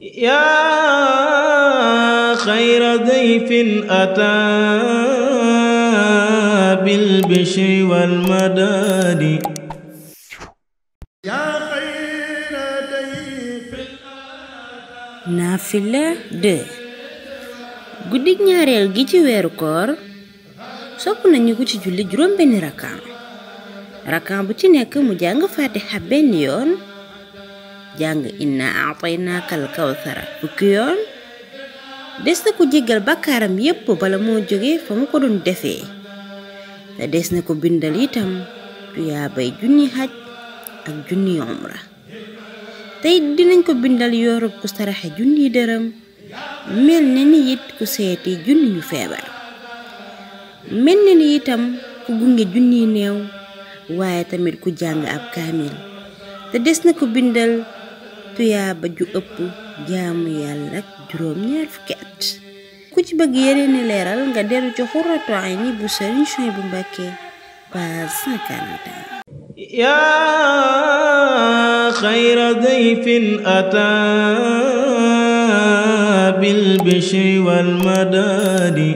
yaa xayra dayfin ataa bil bishri wal madaadi naafila 2 guddik ñaareel gi ci weeru koor sopp nañu ko ci julli juróom benn rakam rakam bu ci nekk mu jàng faatiha benn yoon jàng inna aataynaaka al kawsara fukki yoon des na ko jéggal bakkaaram yépp bala moo jóge fa mu ko doon defee te des na ko bindal itam tuyaabay junni xaj ak junni umra tey dinañ ko bindal yoorub ku saraxe junni dërëm mel na ni it ku seeti junni ñu feebar mel na ni itam ku gunge junni néew waaye tamit ku jàng ab kaamil te des na ko bindal tuyaaba ju ëpp jaamu yàlla rek juróom ñaar fukki at ku ci bëgg yeneen ni leeral nga dellu ci xurratu ayni bu sëriñ Suwaybu bu Mbàkke page 141 yaa xayra dayfin ataa bil bishri wal madaadi